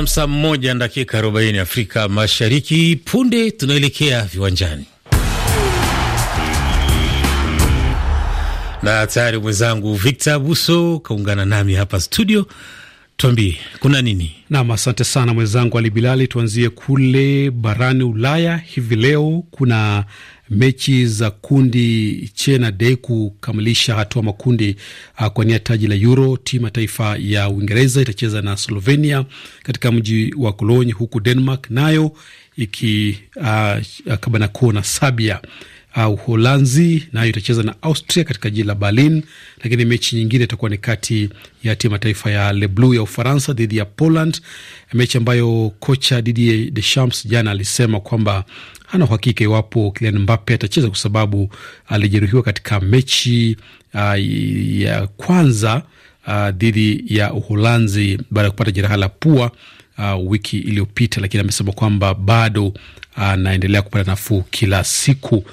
na saa mmoja na dakika arobaini Afrika Mashariki. Punde tunaelekea viwanjani na tayari mwenzangu Victor Buso kaungana nami hapa studio. Tuambie kuna nini? Nam, asante sana mwenzangu Ali Bilali. Tuanzie kule barani Ulaya hivi leo kuna mechi za kundi che na de kukamilisha hatua makundi ah, kwa nia taji la Euro. Timu ya taifa ya Uingereza itacheza na Slovenia katika mji wa Cologne, huku Denmark nayo ikikabana ah, uh, kuo na Sabia Uh, Uholanzi uh, nayo itacheza na Austria katika jiji la Berlin, lakini mechi nyingine itakuwa ni kati ya timu taifa ya Le Bleu ya Ufaransa dhidi ya Poland, mechi ambayo kocha Didier Deschamps jana alisema kwamba hana uhakika iwapo Kylian Mbappe atacheza kwa sababu alijeruhiwa katika mechi uh, ya kwanza uh, dhidi ya Uholanzi baada ya kupata jeraha la pua Uh, wiki iliyopita, lakini amesema kwamba bado anaendelea uh, kupata nafuu kila siku.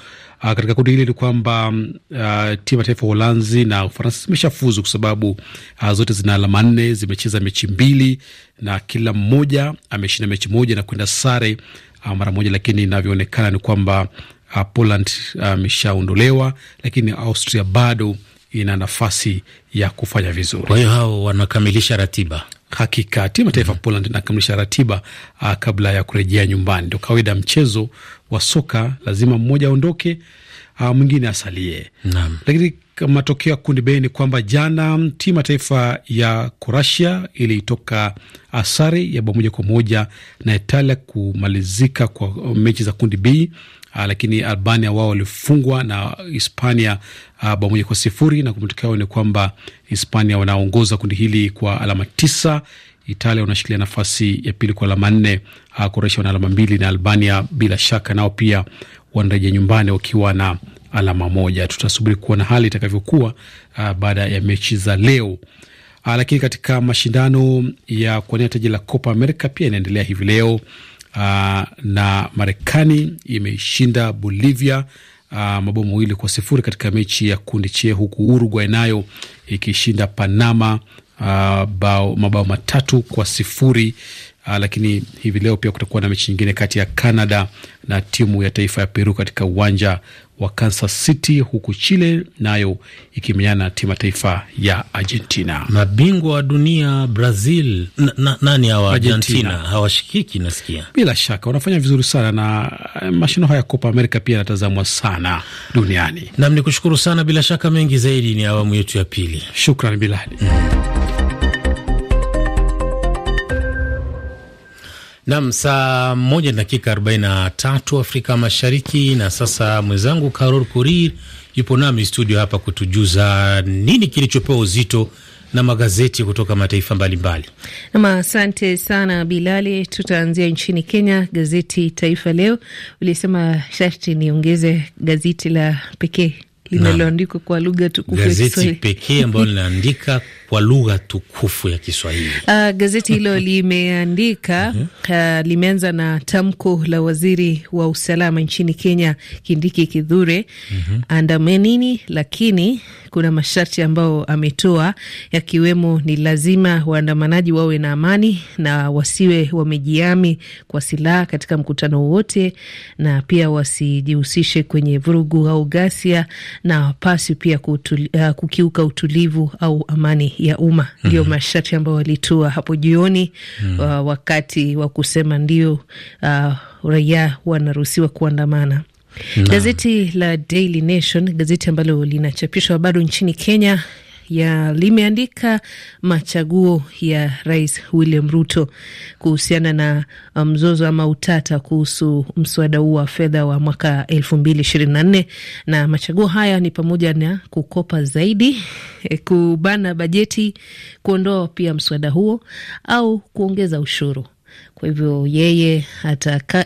Uh, katika kundi hili ni kwamba uh, timu ya taifa Uholanzi na Ufaransa zimeshafuzu kwa sababu uh, zote zina alama nne, zimecheza mechi mbili na kila mmoja ameshinda mechi moja na kwenda sare uh, mara moja, lakini inavyoonekana ni kwamba uh, Poland ameshaondolewa uh, lakini Austria bado ina nafasi ya kufanya vizuri. Kwa hiyo hao wanakamilisha ratiba hakika timu ya taifa mm -hmm. Poland inakamilisha ratiba uh, kabla ya kurejea nyumbani. Ndo kawaida mchezo wa soka lazima mmoja aondoke, ah, mwingine asalie. Naam. Lakini matokeo ya kundi bei ni kwamba jana timu ya taifa ya Kurasia ilitoka asari ah, ya bao moja kwa moja na Italia kumalizika kwa uh, mechi za kundi B. Uh, lakini Albania wao walifungwa na Hispania uh, bao moja kwa sifuri na matokeo yao ni kwamba Hispania wanaongoza kundi hili kwa alama tisa, Italia wanashikilia nafasi ya pili kwa alama nne. Kroatia ah, wana alama mbili na Albania bila shaka nao pia wanarejea nyumbani wakiwa na alama moja. Tutasubiri kuona hali itakavyokuwa ah, baada ya mechi za leo. Aa, ah, lakini katika mashindano ya kuwania taji la Copa America pia inaendelea hivi leo. Aa, na Marekani imeishinda Bolivia mabao mawili kwa sifuri katika mechi ya kundi che, huku Uruguay nayo ikishinda Panama uh, bao, mabao matatu kwa sifuri. Uh, lakini hivi leo pia kutakuwa na mechi nyingine kati ya Canada na timu ya taifa ya Peru katika uwanja wa Kansas City, huku Chile nayo ikimenyana timataifa ya Argentina. Mabingwa wa dunia Brazil na, na, nani hawa Argentina, hawashikiki nasikia, bila shaka wanafanya vizuri sana na eh, mashindano haya ya Copa America pia yanatazamwa sana duniani. Nam ni kushukuru sana, bila shaka mengi zaidi ni awamu yetu ya pili. Shukran Bilali. mm. Nam, saa moja na dakika 43 Afrika Mashariki. Na sasa mwenzangu Carol Korir yupo nami studio hapa kutujuza nini kilichopewa uzito na magazeti kutoka mataifa mbalimbali. Nam, asante sana Bilali. Tutaanzia nchini Kenya. Gazeti Taifa Leo ulisema sharti niongeze gazeti la pekee linaloandikwa kwa lugha tukufu gazeti pekee ambalo linaandika kwa lugha tukufu ya Kiswahili. Uh, gazeti hilo limeandika uh, limeanza na tamko la waziri wa usalama nchini Kenya Kindiki Kithure, mhm. andamenini, lakini kuna masharti ambayo ametoa yakiwemo ni lazima waandamanaji wawe na amani na wasiwe wamejiami kwa silaha katika mkutano wowote, na pia wasijihusishe kwenye vurugu au ghasia, na wapaswi pia kutuli, uh, ah, kukiuka utulivu au amani ya umma ndio mm -hmm. masharti ambayo walitua hapo jioni mm -hmm. uh, wakati wa kusema ndio uh, raia wanaruhusiwa kuandamana. Gazeti la Daily Nation, gazeti ambalo linachapishwa bado nchini Kenya, ya limeandika machaguo ya Rais William Ruto kuhusiana na um, mzozo ama utata kuhusu mswada huu wa fedha wa mwaka elfu mbili ishirini na nne na machaguo haya ni pamoja na kukopa zaidi, eh, kubana bajeti, kuondoa pia mswada huo au kuongeza ushuru. Kwa hivyo yeye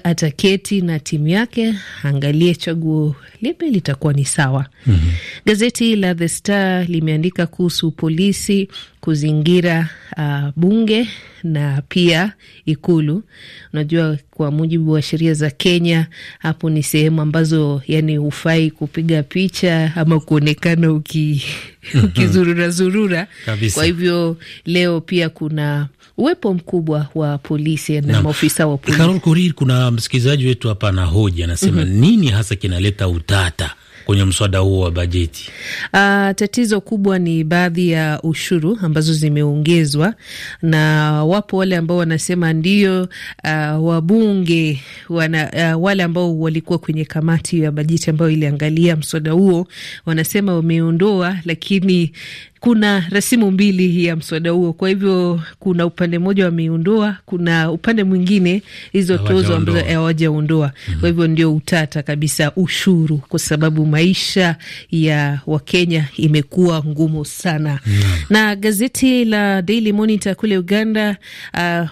ataketi na timu yake angalie chaguo lipi litakuwa ni sawa. mm -hmm. Gazeti la The Star limeandika kuhusu polisi kuzingira uh, bunge na pia Ikulu. Unajua, kwa mujibu wa sheria za Kenya, hapo ni sehemu ambazo yani hufai kupiga picha ama kuonekana uki, mhm. ukizurura zurura Kwa hivyo leo pia kuna uwepo mkubwa wa polisi na, na maofisa wa polisi. Carol kuna msikilizaji wetu hapa na hoja anasema, mm -hmm. nini hasa kinaleta utata kwenye mswada huo wa bajeti. Uh, tatizo kubwa ni baadhi ya ushuru ambazo zimeongezwa, na wapo wale ambao wanasema ndio, uh, wabunge wana, uh, wale ambao walikuwa kwenye kamati ya bajeti ambayo iliangalia mswada huo wanasema wameondoa, lakini kuna rasimu mbili ya mswada huo. Kwa hivyo kuna upande mmoja wameundoa kuna upande mwingine hizo tozo ambazo hawajaondoa. mm -hmm. Kwa hivyo ndio utata kabisa ushuru, kwa sababu maisha ya Wakenya imekuwa ngumu sana. mm -hmm. Na gazeti la Daily Monitor kule Uganda uh,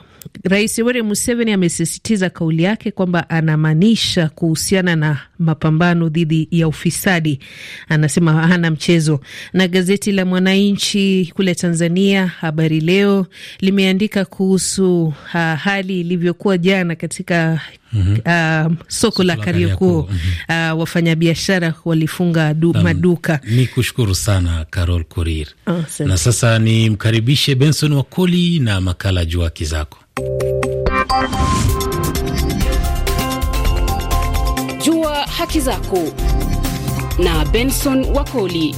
Rais Yoweri Museveni amesisitiza kauli yake kwamba anamaanisha kuhusiana na mapambano dhidi ya ufisadi. Anasema hana mchezo. Na gazeti la Mwananchi kule Tanzania, Habari Leo limeandika kuhusu ah, hali ilivyokuwa jana katika mm -hmm. uh, soko la Kariakoo mm -hmm. uh, mm-hmm. wafanyabiashara walifunga du, maduka. Ni kushukuru sana Carol kurir Oh, na sasa nimkaribishe Benson Wakoli na makala Jua Haki Zako. Jua Haki Zako na Benson Wakoli.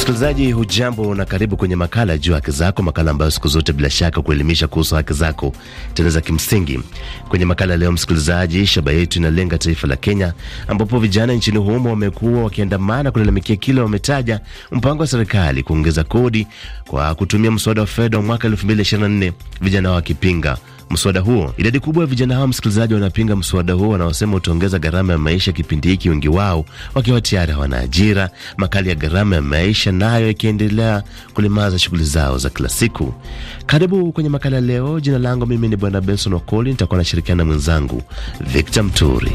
Msikilizaji hujambo na karibu kwenye makala juu ya haki zako, makala ambayo siku zote bila shaka kuelimisha kuhusu haki zako tena za kimsingi. Kwenye makala leo, msikilizaji, shaba yetu inalenga taifa la Kenya, ambapo vijana nchini humo wamekuwa wakiandamana kulalamikia kile wametaja mpango wa serikali kuongeza kodi kwa kutumia mswada wa fedha wa mwaka 2024, vijana wakipinga mswada huo. Idadi kubwa ya vijana hao, msikilizaji, wanapinga mswada huo wanaosema utaongeza gharama ya maisha kipindi hiki, wengi wao wakiwa tayari hawana ajira, makali ya gharama ya maisha nayo na ikiendelea shughuli zao za kila siku. Karibu kwenye makala ya leo. Jina langu mimi ni Bwana Benson Wakoli, nitakuwa nashirikiana na mwenzangu Victor Mturi.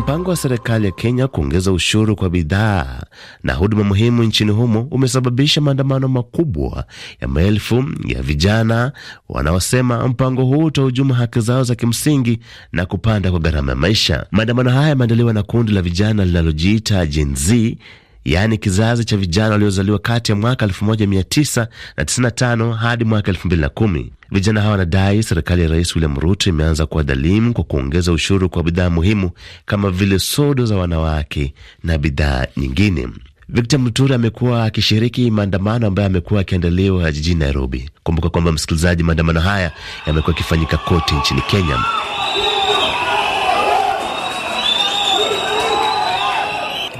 Mpango wa serikali ya Kenya kuongeza ushuru kwa bidhaa na huduma muhimu nchini humo umesababisha maandamano makubwa ya maelfu ya vijana wanaosema mpango huu utahujuma haki zao za kimsingi na kupanda kwa gharama ya maisha. Maandamano haya yameandaliwa na kundi la vijana linalojiita Gen Z yaani kizazi cha vijana waliozaliwa kati ya mwaka 1995 hadi mwaka 2010. Vijana hawa wanadai serikali ya Rais William Ruto imeanza kuwa dhalimu kwa kuongeza ushuru kwa bidhaa muhimu kama vile sodo za wanawake na bidhaa nyingine. Victor Muturi amekuwa akishiriki maandamano ambayo amekuwa akiandaliwa jijini Nairobi. Kumbuka kwamba msikilizaji, maandamano haya yamekuwa yakifanyika kote nchini Kenya.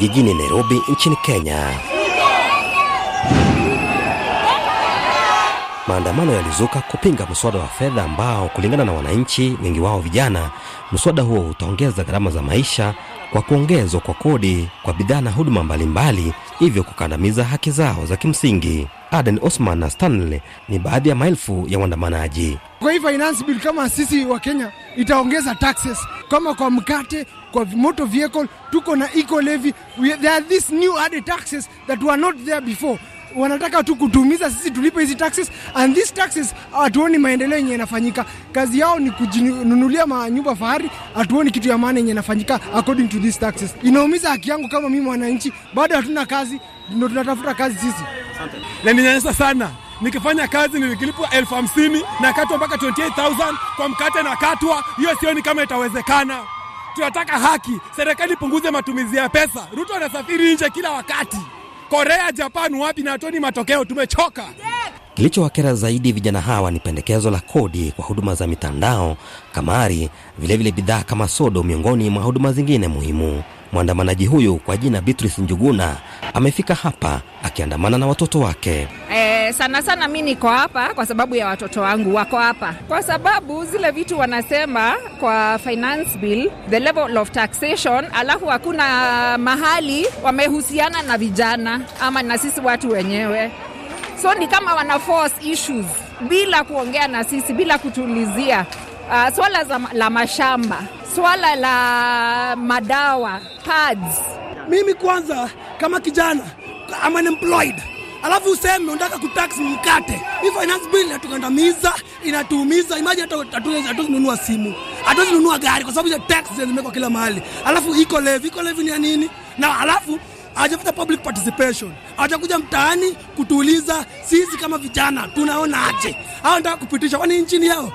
jijini Nairobi nchini Kenya. Maandamano yalizuka kupinga mswada wa fedha ambao, kulingana na wananchi wengi wao vijana, mswada huo utaongeza gharama za maisha kwa kuongezwa kwa kodi kwa bidhaa na huduma mbalimbali, hivyo kukandamiza haki zao za kimsingi. Aden Osman na Stanley ni baadhi ya maelfu ya waandamanaji. Kwa hii finance bill, kama sisi wa Kenya itaongeza taxes kama kwa mkate kwa motor vehicle, tuko na eco levy. There are these new added taxes that were not there before wanataka tu kutumiza sisi tulipe hizi taxes and these taxes hatuoni maendeleo yenye inafanyika. Kazi yao ni kujinunulia manyumba fahari, hatuoni kitu ya maana yenye inafanyika according to these taxes. Inaumiza haki yangu kama mimi mwananchi, bado hatuna kazi, ndio tunatafuta kazi sisi na ninanyanyasa sana. Nikifanya kazi nilikilipwa elfu hamsini na katwa mpaka 28000 kwa mkate na katwa, hiyo sioni kama itawezekana tunataka haki, serikali ipunguze matumizi ya pesa. Ruto anasafiri nje kila wakati, Korea, Japan, wapi na hatoni matokeo. Tumechoka. Kilichowakera zaidi vijana hawa ni pendekezo la kodi kwa huduma za mitandao kamari vilevile bidhaa kama sodo, miongoni mwa huduma zingine muhimu. Mwandamanaji huyu kwa jina Beatrice Njuguna amefika hapa akiandamana na watoto wake. Eh, sana sana mi niko hapa kwa sababu ya watoto wangu wako hapa, kwa sababu zile vitu wanasema kwa finance bill, the level of taxation, alafu hakuna mahali wamehusiana na vijana ama na sisi watu wenyewe, so ni kama wana force issues bila kuongea na sisi, bila kutulizia uh, swala za, la mashamba, swala la madawa pads. Mimi kwanza kama kijana I'm unemployed alafu useme unataka kutax mkate. Hii finance bill inatukandamiza, inatuumiza. Imagine hata hatuwezi nunua simu, hatuwezi nunua gari kwa sababu ya tax zimekwa kila mahali. Alafu iko levy, iko levy ni ya nini? Na alafu hajafuta public participation, hajakuja mtaani kutuuliza sisi kama vijana tunaona aje, hao nataka kupitisha kwani nchini yao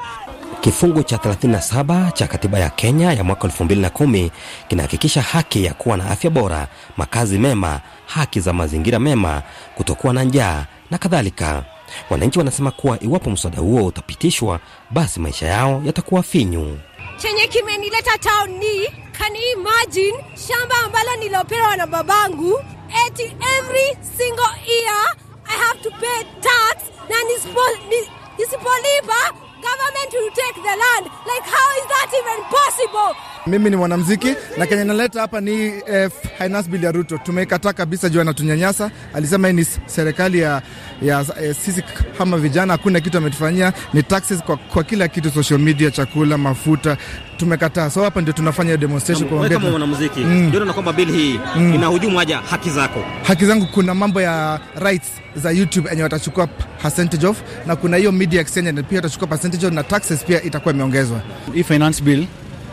Kifungu cha 37 cha katiba ya Kenya ya mwaka 2010 kinahakikisha haki ya kuwa na afya bora, makazi mema, haki za mazingira mema, kutokuwa na njaa na kadhalika. Wananchi wanasema kuwa iwapo mswada huo utapitishwa, basi maisha yao yatakuwa finyu. Chenye kimenileta town ni can you imagine shamba ambalo nilopewa na babangu, eti every single year I have to pay tax na nisipolipa government will take the land. Like, how is that even possible? Mimi ni mwanamziki na kenye naleta hapa ni eh, Hainas Bilia Ruto. Tumekataa kabisa juu anatunyanyasa. Alisema hii ni serikali ya, ya eh, sisi kama vijana, hakuna kitu ametufanyia, ni taxes kwa, kwa kila kitu, social media, chakula, mafuta tumekataa. So hapa ndio tunafanya demonstration kwa kama mwanamuziki mm. Ndio na kwamba bili hii mm. inahujumu haja haki zako, haki zangu. Kuna mambo ya rights za YouTube yenye watachukua percentage of, na kuna hiyo media exchange pia watachukua percentage of, na taxes pia itakuwa imeongezwa. Hii finance bill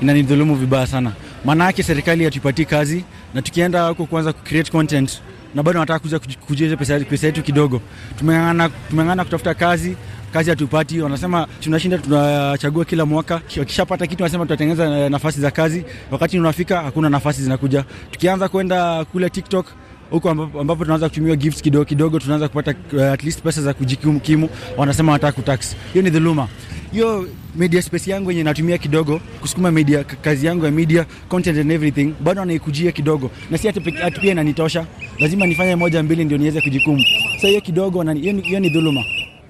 inanidhulumu vibaya sana, maana yake serikali hatuipatii kazi, na tukienda huko kuanza kucreate content na bado wanataka kuja kujaza pesa, pesa yetu kidogo. Tumeng'ana, tumeng'ang'ana kutafuta kazi, kazi hatupati. Wanasema tunashinda tunachagua kila mwaka, wakishapata kitu wanasema tutatengeneza eh, nafasi za kazi, wakati unafika hakuna nafasi zinakuja. Tukianza kwenda kule TikTok huko ambapo tunaanza kutumiwa gifts kidogo kidogo, tunaanza kupata uh, at least pesa za kujikimu. Wanasema wanataka kutax. Hiyo ni dhuluma hiyo media space yangu yenye natumia kidogo kusukuma media, kazi yangu ya media content and everything, bado anaikujia kidogo, na si hati pia inanitosha. Lazima nifanye moja mbili ndio niweze kujikumu. Sasa hiyo kidogo, hiyo ni dhuluma.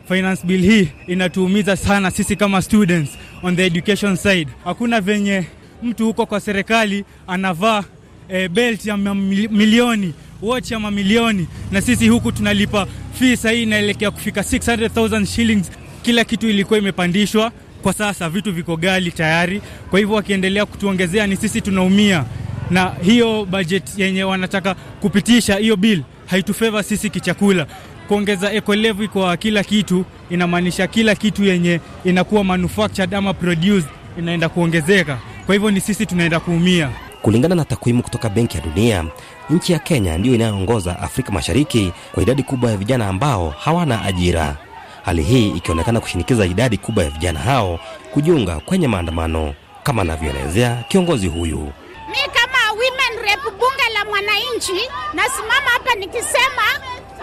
Finance bill hii inatuumiza sana sisi kama students on the education side. Hakuna venye mtu huko kwa serikali anavaa e, belt ya milioni watch ya mamilioni, na sisi huku tunalipa fee sahii inaelekea kufika 600,000 shillings kila kitu ilikuwa imepandishwa. Kwa sasa vitu viko gali tayari, kwa hivyo wakiendelea kutuongezea ni sisi tunaumia, na hiyo budget yenye wanataka kupitisha hiyo bill haitufeva sisi kichakula. Kuongeza eco levy kwa kila kitu inamaanisha kila kitu yenye inakuwa manufactured ama produced inaenda kuongezeka, kwa hivyo ni sisi tunaenda kuumia. Kulingana na takwimu kutoka Benki ya Dunia, nchi ya Kenya ndiyo inayoongoza Afrika Mashariki kwa idadi kubwa ya vijana ambao hawana ajira hali hii ikionekana kushinikiza idadi kubwa ya vijana hao kujiunga kwenye maandamano, kama anavyoelezea kiongozi huyu. Mi kama women rep bunge la mwananchi, nasimama hapa nikisema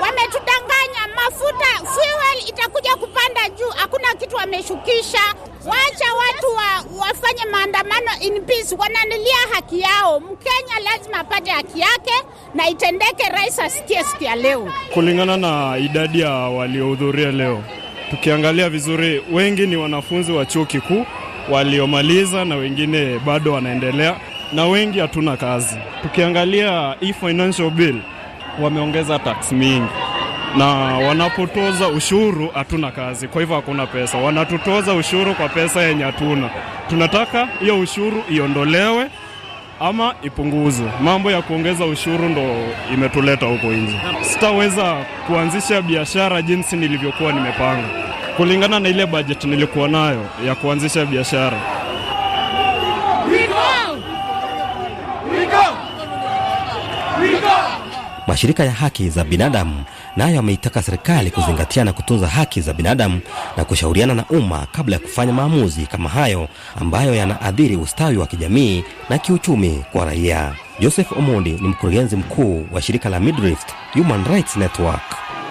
Wametudanganya, mafuta fuel itakuja kupanda juu, hakuna kitu wameshukisha. Wacha watu wa, wafanye maandamano in peace, wananilia haki yao. Mkenya lazima apate haki yake na itendeke, rais asikie siku ya leo. Kulingana na idadi ya waliohudhuria leo, tukiangalia vizuri, wengi ni wanafunzi wa chuo kikuu waliomaliza na wengine bado wanaendelea, na wengi hatuna kazi. Tukiangalia hii financial bill wameongeza tax mingi na wanapotoza ushuru hatuna kazi, kwa hivyo hakuna pesa. Wanatutoza ushuru kwa pesa yenye hatuna. Tunataka hiyo ushuru iondolewe ama ipunguzwe. Mambo ya kuongeza ushuru ndo imetuleta huko nje. Sitaweza kuanzisha biashara jinsi nilivyokuwa nimepanga, kulingana na ile bajeti nilikuwa nayo ya kuanzisha biashara. We go! We go! We go! Mashirika ya haki za binadamu nayo na yameitaka serikali kuzingatia na kutunza haki za binadamu na kushauriana na umma kabla ya kufanya maamuzi kama hayo ambayo yanaathiri ustawi wa kijamii na kiuchumi kwa raia. Joseph Omondi ni mkurugenzi mkuu wa shirika la Midrift Human Rights Network.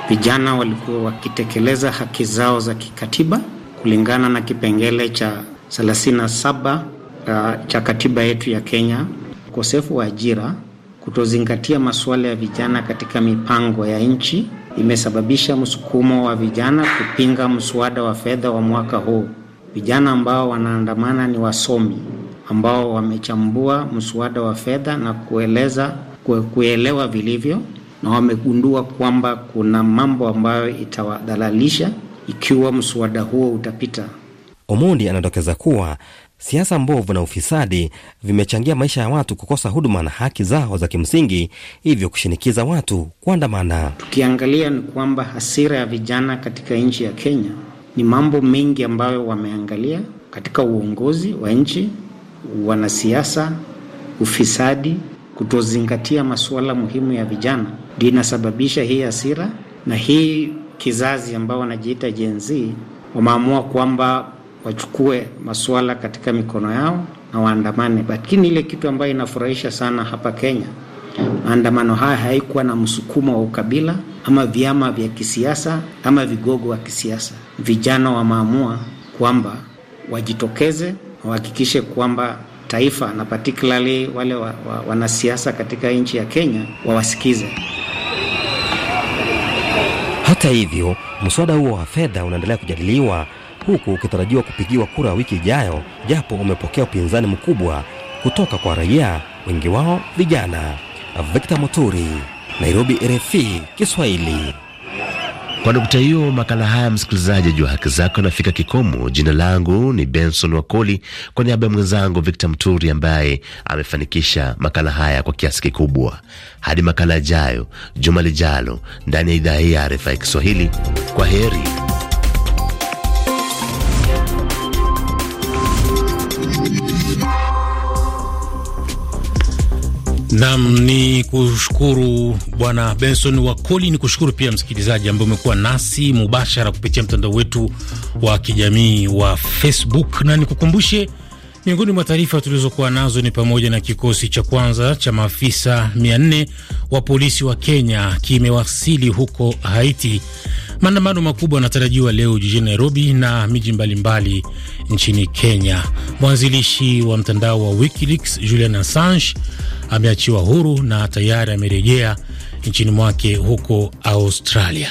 Vijana walikuwa wakitekeleza haki zao za kikatiba kulingana na kipengele cha 37 uh, cha katiba yetu ya Kenya. Ukosefu wa ajira kutozingatia masuala ya vijana katika mipango ya nchi imesababisha msukumo wa vijana kupinga mswada wa fedha wa mwaka huu. Vijana ambao wanaandamana ni wasomi ambao wamechambua mswada wa fedha na kueleza kuelewa vilivyo, na wamegundua kwamba kuna mambo ambayo itawadhalalisha ikiwa mswada huo utapita. Omondi anadokeza kuwa Siasa mbovu na ufisadi vimechangia maisha ya watu kukosa huduma na haki zao za kimsingi, hivyo kushinikiza watu kuandamana. Tukiangalia ni kwamba hasira ya vijana katika nchi ya Kenya ni mambo mengi ambayo wameangalia katika uongozi wa nchi, wanasiasa, ufisadi, kutozingatia masuala muhimu ya vijana ndio inasababisha hii hasira, na hii kizazi ambao wanajiita Gen Z wameamua kwamba wachukue masuala katika mikono yao na waandamane. Lakini ile kitu ambayo inafurahisha sana hapa Kenya, maandamano haya haikuwa na msukumo wa ukabila ama vyama vya kisiasa ama vigogo wa kisiasa. Vijana wameamua kwamba wajitokeze, wahakikishe kwamba taifa na particularly wale wa, wa, wanasiasa katika nchi ya Kenya wawasikize. Hata hivyo, mswada huo wa fedha unaendelea kujadiliwa huku ukitarajiwa kupigiwa kura wiki ijayo, japo umepokea upinzani mkubwa kutoka kwa raia, wengi wao vijana. Victor moturi Nairobi, RFI Kiswahili. Kwa nukta hiyo, makala haya msikilizaji, jua haki zako anafika kikomo. Jina langu ni Benson Wakoli, kwa niaba ya mwenzangu Victor Mturi ambaye amefanikisha makala haya kwa kiasi kikubwa. Hadi makala yajayo juma lijalo, ndani ya idhaa hii ya RFI Kiswahili. Kwa heri. Nam ni kushukuru Bwana Benson Wakoli, ni kushukuru pia msikilizaji ambaye umekuwa nasi mubashara kupitia mtandao wetu wa kijamii wa Facebook, na nikukumbushe Miongoni mwa taarifa tulizokuwa nazo ni pamoja na kikosi cha kwanza cha maafisa 400 wa polisi wa Kenya kimewasili huko Haiti. Maandamano makubwa yanatarajiwa leo jijini Nairobi na miji mbalimbali nchini Kenya. Mwanzilishi wa mtandao wa WikiLeaks Julian Assange ameachiwa huru na tayari amerejea nchini mwake huko Australia.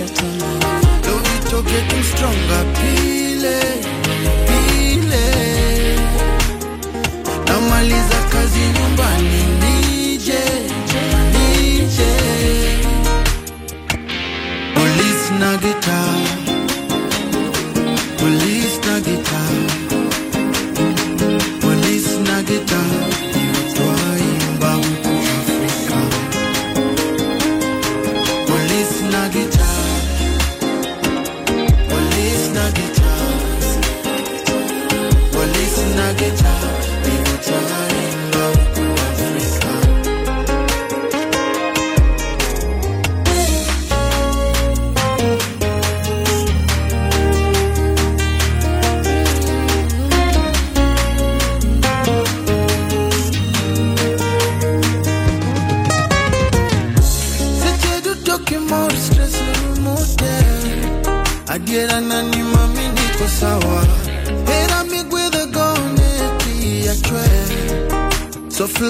Love you to get you stronger, pile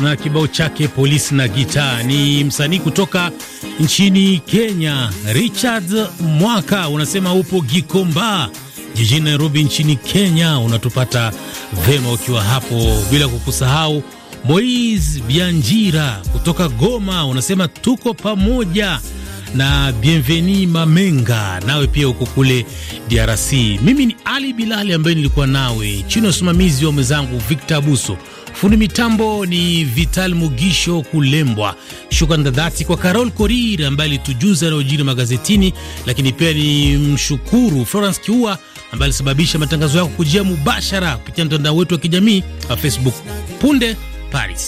na kibao chake polisi na gitaa. Ni msanii kutoka nchini Kenya, Richard Mwaka, unasema upo Gikomba jijini Nairobi nchini Kenya. Unatupata vema ukiwa hapo, bila kukusahau Moise Bianjira kutoka Goma, unasema tuko pamoja na Bienveni Mamenga, nawe pia huko kule DRC. Mimi ni Ali Bilali ambaye nilikuwa nawe chini ya usimamizi wa mwenzangu Victor Abuso. Fundi mitambo ni Vital Mugisho Kulembwa. Shukrani za dhati kwa Carol Korir ambaye alitujuza yanayojiri magazetini, lakini pia ni mshukuru Florence Kiua ambaye alisababisha matangazo yako kujia mubashara kupitia mtandao wetu wa kijamii wa Facebook. Punde Paris.